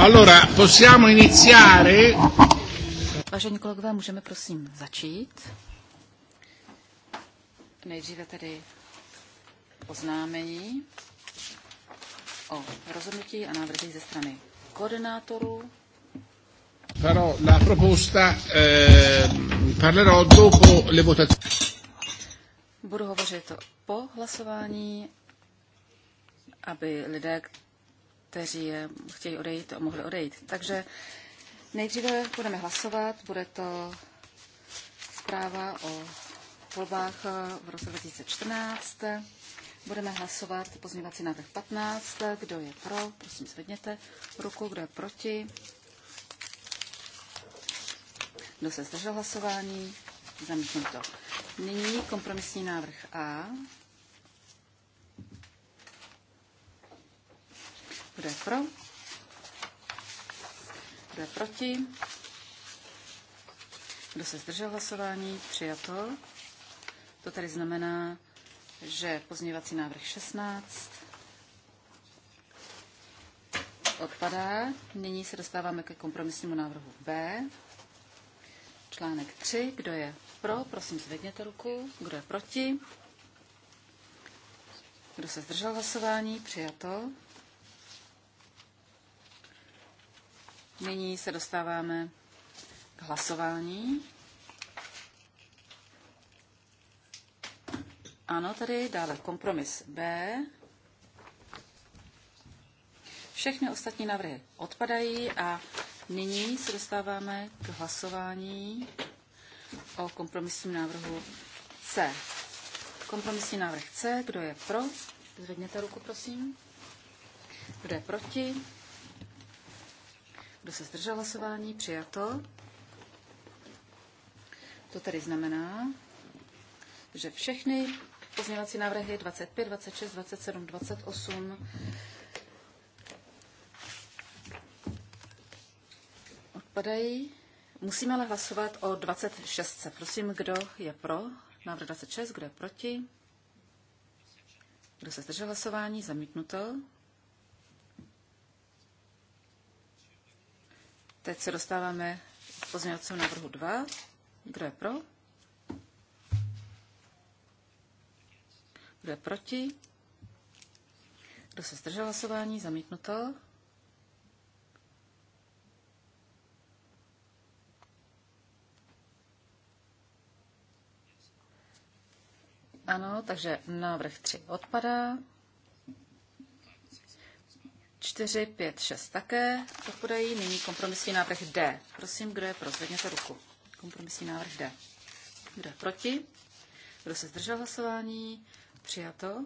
Allora, possiamo iniziare? Vážení kolegové, můžeme prosím začít. Nejdříve tedy oznámení o rozhodnutí a návrhy ze strany koordinátorů. Però la proposta, eh, parlerò dopo le votazioni. Budu hovořit po hlasování, aby lidé, kteří eh, chtějí odejít, a mohli odejít. Takže nejdříve budeme hlasovat. Bude to zpráva o volbách eh, v roce 2014. Budeme hlasovat pozměňovací návrh 15. Kdo je pro, prosím zvedněte ruku. Kdo je proti? Kdo se zdržel hlasování? to. Nyní kompromisní návrh A. Kdo je pro? Kdo je proti? Kdo se zdržel hlasování? Přijato. To tedy znamená, že pozměňovací návrh 16 odpadá. Nyní se dostáváme ke kompromisnímu návrhu B. Článek 3. Kdo je pro, prosím zvedněte ruku. Kdo je proti? Kdo se zdržel hlasování? Přijato. Nyní se dostáváme k hlasování. Ano, tady dále kompromis B. Všechny ostatní návrhy odpadají a nyní se dostáváme k hlasování o kompromisním návrhu C. Kompromisní návrh C, kdo je pro? Zvedněte ruku, prosím. Kdo je proti? Kdo se zdržel hlasování? Přijato. To tedy znamená, že všechny pozměňovací návrhy 25, 26, 27, 28 odpadají. Musíme ale hlasovat o 26. Prosím, kdo je pro návrh 26, kdo je proti? Kdo se zdržel hlasování? Zamítnuto. Teď se dostáváme k pozměňovacímu návrhu 2. Kdo je pro? Kdo je proti? Kdo se zdržel hlasování? Zamítnuto. Ano, takže návrh 3 odpadá. 4, 5, 6 také odpadají. Nyní kompromisní návrh D. Prosím, kdo je pro, zvedněte ruku. Kompromisní návrh D. Kdo je proti? Kdo se zdržel hlasování? Přijato.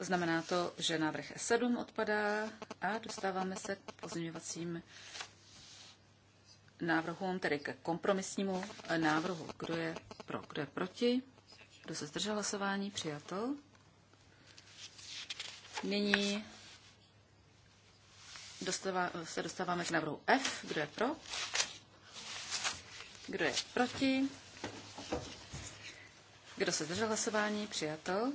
Znamená to, že návrh E7 odpadá a dostáváme se k pozměňovacím návrhům, tedy ke kompromisnímu návrhu. Kdo je pro, kdo je proti? Kdo se zdržel hlasování? Přijato. Nyní dostává, se dostáváme k návrhu F. Kdo je pro? Kdo je proti? Kdo se zdržel hlasování? Přijatel.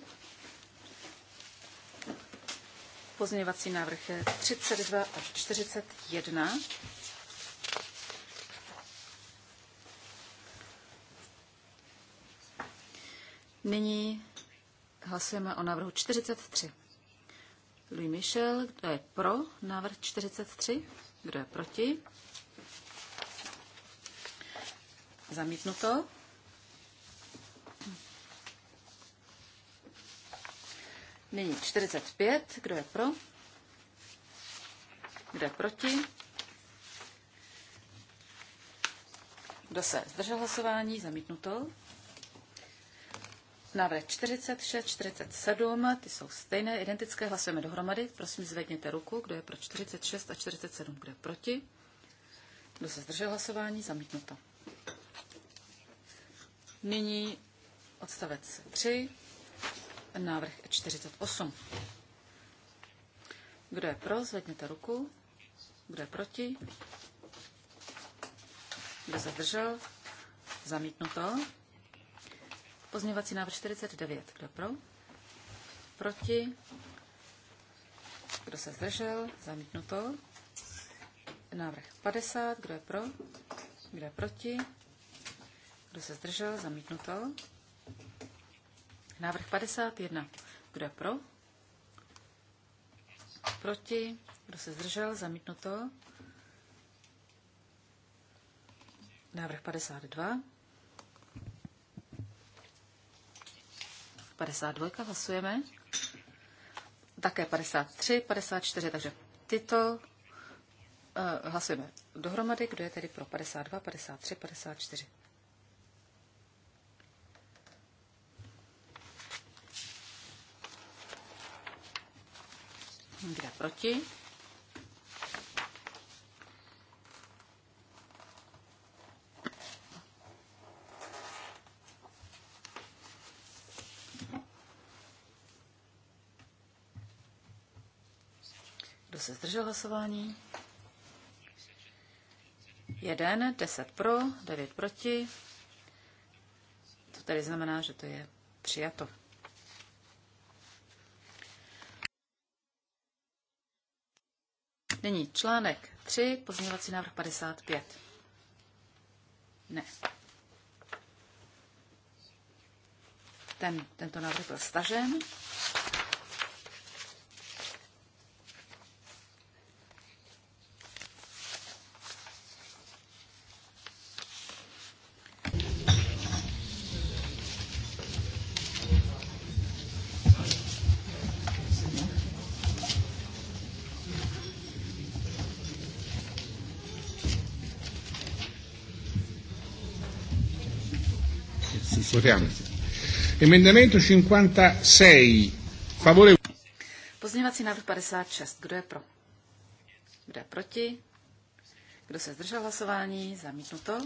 Pozměňovací návrh je 32 až 41. Nyní hlasujeme o návrhu 43. Louis Michel, kdo je pro návrh 43, kdo je proti. Zamítnuto. Nyní 45, kdo je pro, kdo je proti. Kdo se zdržel hlasování? Zamítnuto. Návrh 46, 47, ty jsou stejné, identické, hlasujeme dohromady. Prosím, zvedněte ruku, kdo je pro 46 a 47, kdo je proti. Kdo se zdržel hlasování, zamítnuto. Nyní odstavec 3, návrh 48. Kdo je pro, zvedněte ruku. Kdo je proti? Kdo se zdržel? Zamítnuto. Pozměňovací návrh 49. Kdo pro? Proti? Kdo se zdržel? Zamítnuto. Návrh 50. Kdo je pro? Kdo je proti? Kdo se zdržel? Zamítnuto. Návrh 51. Kdo je pro? Proti? Kdo se zdržel? Zamítnuto. Návrh 52. 52 hlasujeme. Také 53, 54, takže tyto uh, hlasujeme dohromady. Kdo je tedy pro 52, 53, 54? Kde proti? se zdržel hlasování? Jeden, deset pro, devět proti. To tedy znamená, že to je přijato. Nyní článek 3, pozměňovací návrh 55. Ne. Ten, tento návrh byl stažen. Votiamo. Emendamento 56. Favorevole. Pozměňovací návrh 56. Kdo je pro? Kdo je proti? Kdo se zdržel hlasování? Zamítnuto.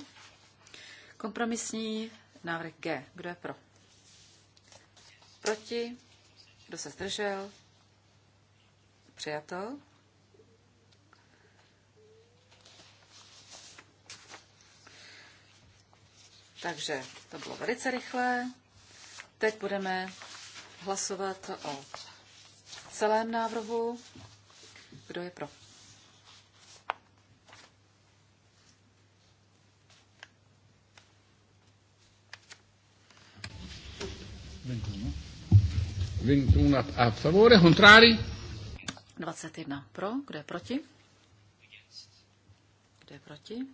Kompromisní návrh G. Kdo je pro? Proti? Kdo se zdržel? Přijato. Takže to bylo velice rychlé. Teď budeme hlasovat o celém návrhu. Kdo je pro? a favore, contrari? 21 pro, kdo je proti? Kdo je proti?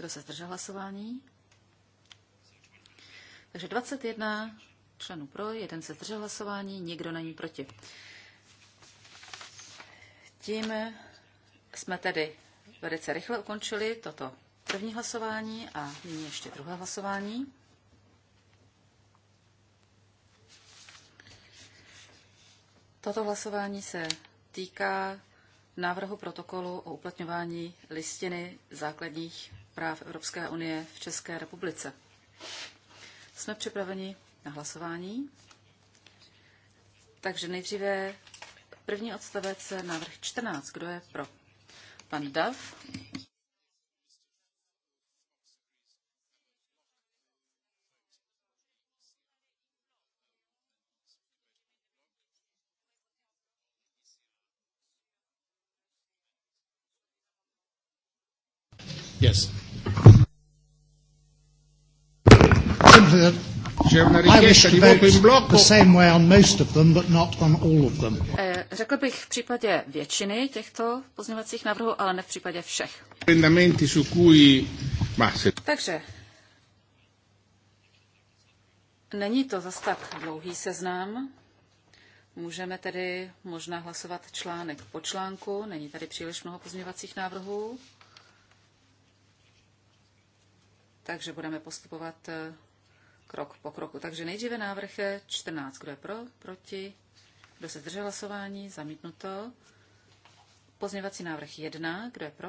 Kdo se zdržel hlasování? Takže 21 členů pro, jeden se zdržel hlasování, nikdo není proti. Tím jsme tedy velice rychle ukončili toto první hlasování a nyní ještě druhé hlasování. Toto hlasování se týká návrhu protokolu o uplatňování listiny základních práv Evropské unie v České republice. Jsme připraveni na hlasování. Takže nejdříve první odstavec návrh 14. Kdo je pro? Pan Dav. Yes. Řekl bych v případě většiny těchto pozměňovacích návrhů, ale ne v případě všech. Takže není to zas tak dlouhý seznam. Můžeme tedy možná hlasovat článek po článku. Není tady příliš mnoho pozměňovacích návrhů takže budeme postupovat eh, krok po kroku. Takže nejdříve návrh 14. Kdo je pro? Proti? Kdo se zdržel hlasování? Zamítnuto. Pozměvací návrh 1. Kdo je pro?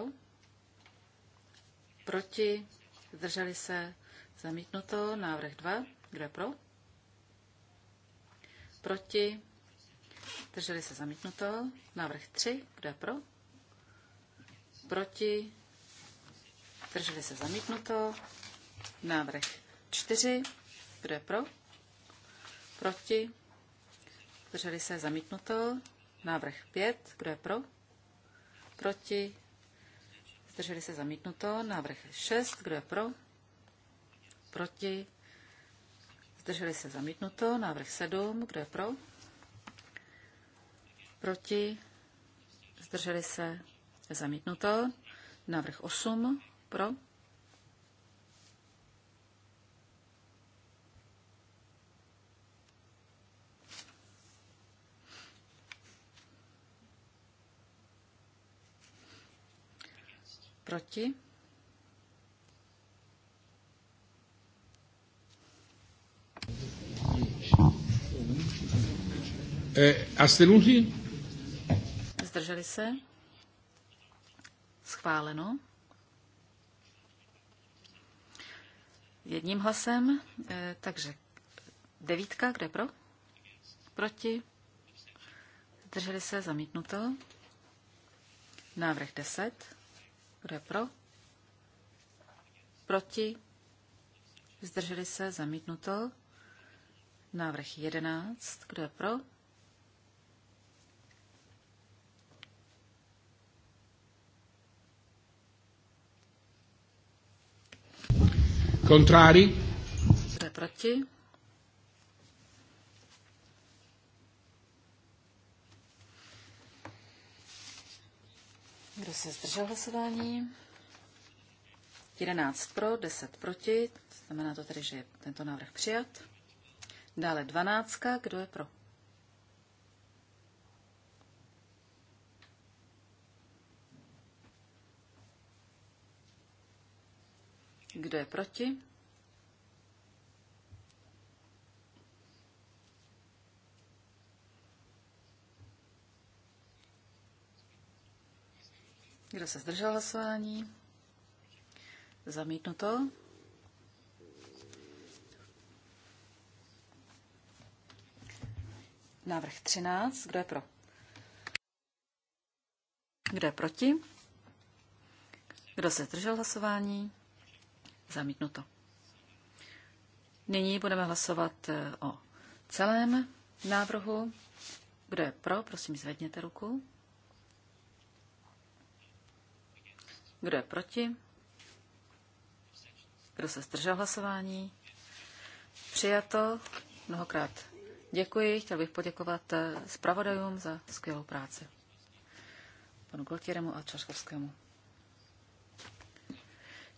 Proti? Zdrželi se? Zamítnuto. Návrh 2. Kdo je pro? Proti? Zdrželi se? Zamítnuto. Návrh 3. Kdo je pro? Proti? Zdrželi se zamítnuto. Návrh 4. Kdo je pro? Proti? Zdrželi se zamítnuto. Návrh 5. Kdo je pro? Proti? Zdrželi se zamítnuto. Návrh 6. Kdo je pro? Proti? Zdrželi se zamítnuto. Návrh 7. Kdo je pro? Proti? Zdrželi se zamítnuto. Návrh 8. Pro? Proti? Eh, astenuti? Zdrželi se? Schváleno. jedním hlasem. Eh, takže devítka, kde pro? Proti? Drželi se zamítnuto. Návrh 10. Kdo je pro? Proti? Zdrželi se zamítnuto. Návrh 11. Kdo je pro? Contrari? Kdo proti? Kdo se zdržel hlasování? 11 pro, 10 proti. Znamená to tedy, že je tento návrh přijat. Dále 12. Kdo je pro? Kdo je proti? Kdo se zdržel hlasování? Zamítnuto. Návrh 13. Kdo je pro? Kdo je proti? Kdo se zdržel hlasování? Zamítnuto. Nyní budeme hlasovat eh, o celém návrhu. Kdo je pro, prosím zvedněte ruku. Kdo je proti? Kdo se zdržel hlasování? Přijato. Mnohokrát děkuji. Chtěl bych poděkovat eh, zpravodajům za skvělou práci. Panu Glotieremu a Čaškovskému.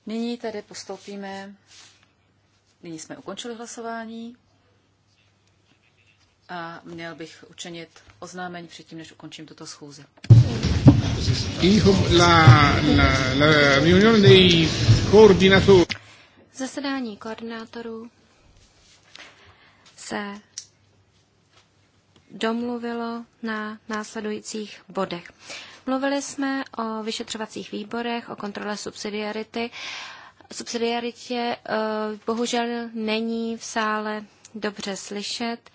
Nyní tedy postoupíme, nyní jsme ukončili hlasování a měl bych učinit oznámení předtím, než ukončím tuto schůzi. Zasedání koordinátorů se domluvilo na následujících bodech. Mluvili jsme o vyšetřovacích výborech, o kontrole subsidiarity. Subsidiaritě eh, bohužel není v sále dobře slyšet.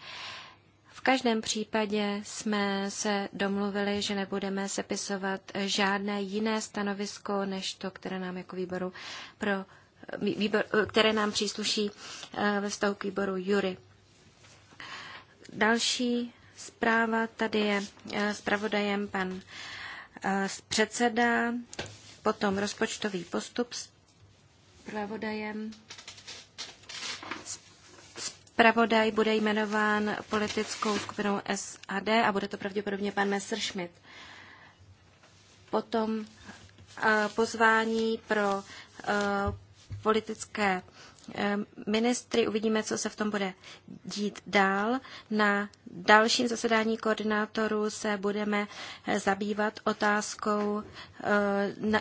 V každém případě jsme se domluvili, že nebudeme sepisovat žádné jiné stanovisko, než to, které nám jako výboru pro, eh, výbor, eh, které nám přísluší ve vztahu k výboru Jury. Další zpráva tady je zpravodajem pan předseda, potom rozpočtový postup s pravodajem. Pravodaj bude jmenován politickou skupinou SAD a bude to pravděpodobně pan Messerschmidt. Potom eh, pozvání pro eh, politické Eh, ministry. Uvidíme, co se v tom bude dít dál. Na dalším zasedání koordinátorů se budeme eh, zabývat otázkou eh, na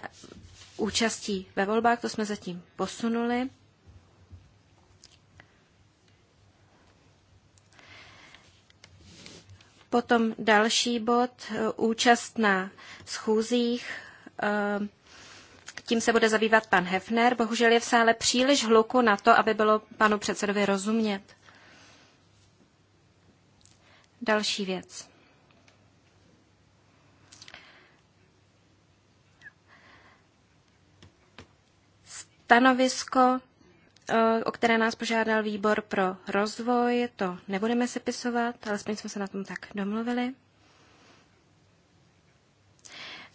účastí ve volbách. To jsme zatím posunuli. Potom další bod, účast na schůzích tím se bude zabývat pan Hefner. Bohužel je v sále příliš hluku na to, aby bylo panu předsedovi rozumět. Další věc. Stanovisko, eh, o které nás požádal výbor pro rozvoj, to nebudeme sepisovat, alespoň jsme se na tom tak domluvili.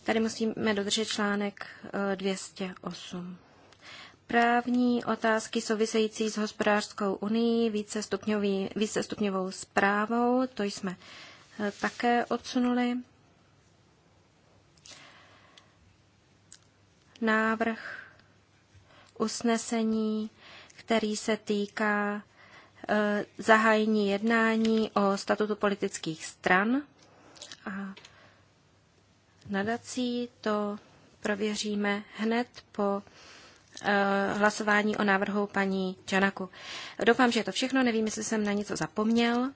Tady musíme dodržet článek 208. Eh, Právní otázky související s hospodářskou unii, vícestupňový, vícestupňovou zprávou, to jsme eh, také odsunuli. Návrh usnesení, který se týká eh, zahájení jednání o statutu politických stran. A nadací, to prověříme hned po eh, hlasování o návrhu paní Čanaku. Doufám, že je to všechno. Nevím, jestli jsem na něco zapomněl.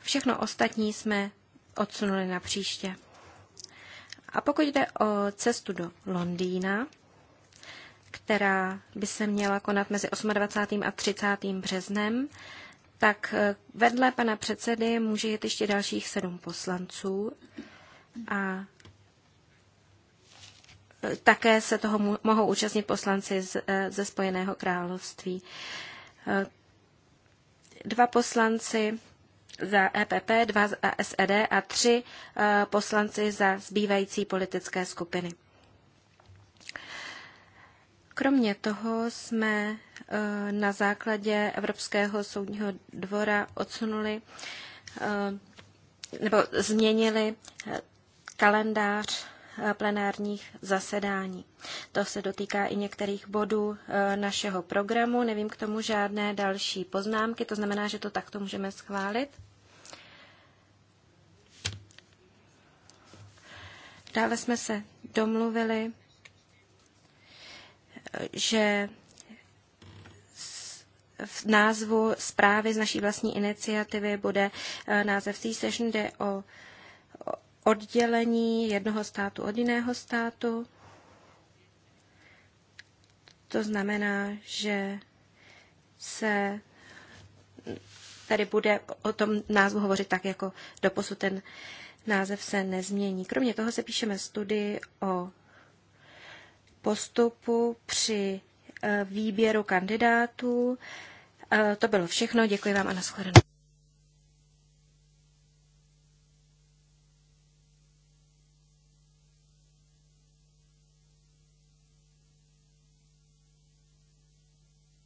Všechno ostatní jsme odsunuli na příště. A pokud jde o cestu do Londýna, která by se měla konat mezi 28. a 30. březnem, tak eh, vedle pana předsedy může jít ještě dalších sedm poslanců. A e, také se toho mohou účastnit poslanci z, e, ze Spojeného království. E, dva poslanci za EPP, dva za SED a tři poslanci za zbývající politické skupiny. Kromě toho jsme na základě Evropského soudního dvora odsunuli nebo změnili kalendář eh, plenárních zasedání. To se dotýká i některých bodů eh, našeho programu. Nevím k tomu žádné další poznámky, to znamená, že to takto můžeme schválit. Dále jsme se domluvili, eh, že v názvu zprávy z naší vlastní iniciativy bude název C-Session, jde o oddělení jednoho státu od jiného státu. To znamená, že se tady bude o tom názvu hovořit tak, jako doposud ten název se nezmění. Kromě toho se píšeme studii o postupu při e, výběru kandidátů. E, to bylo všechno. Děkuji vám a nashledanou.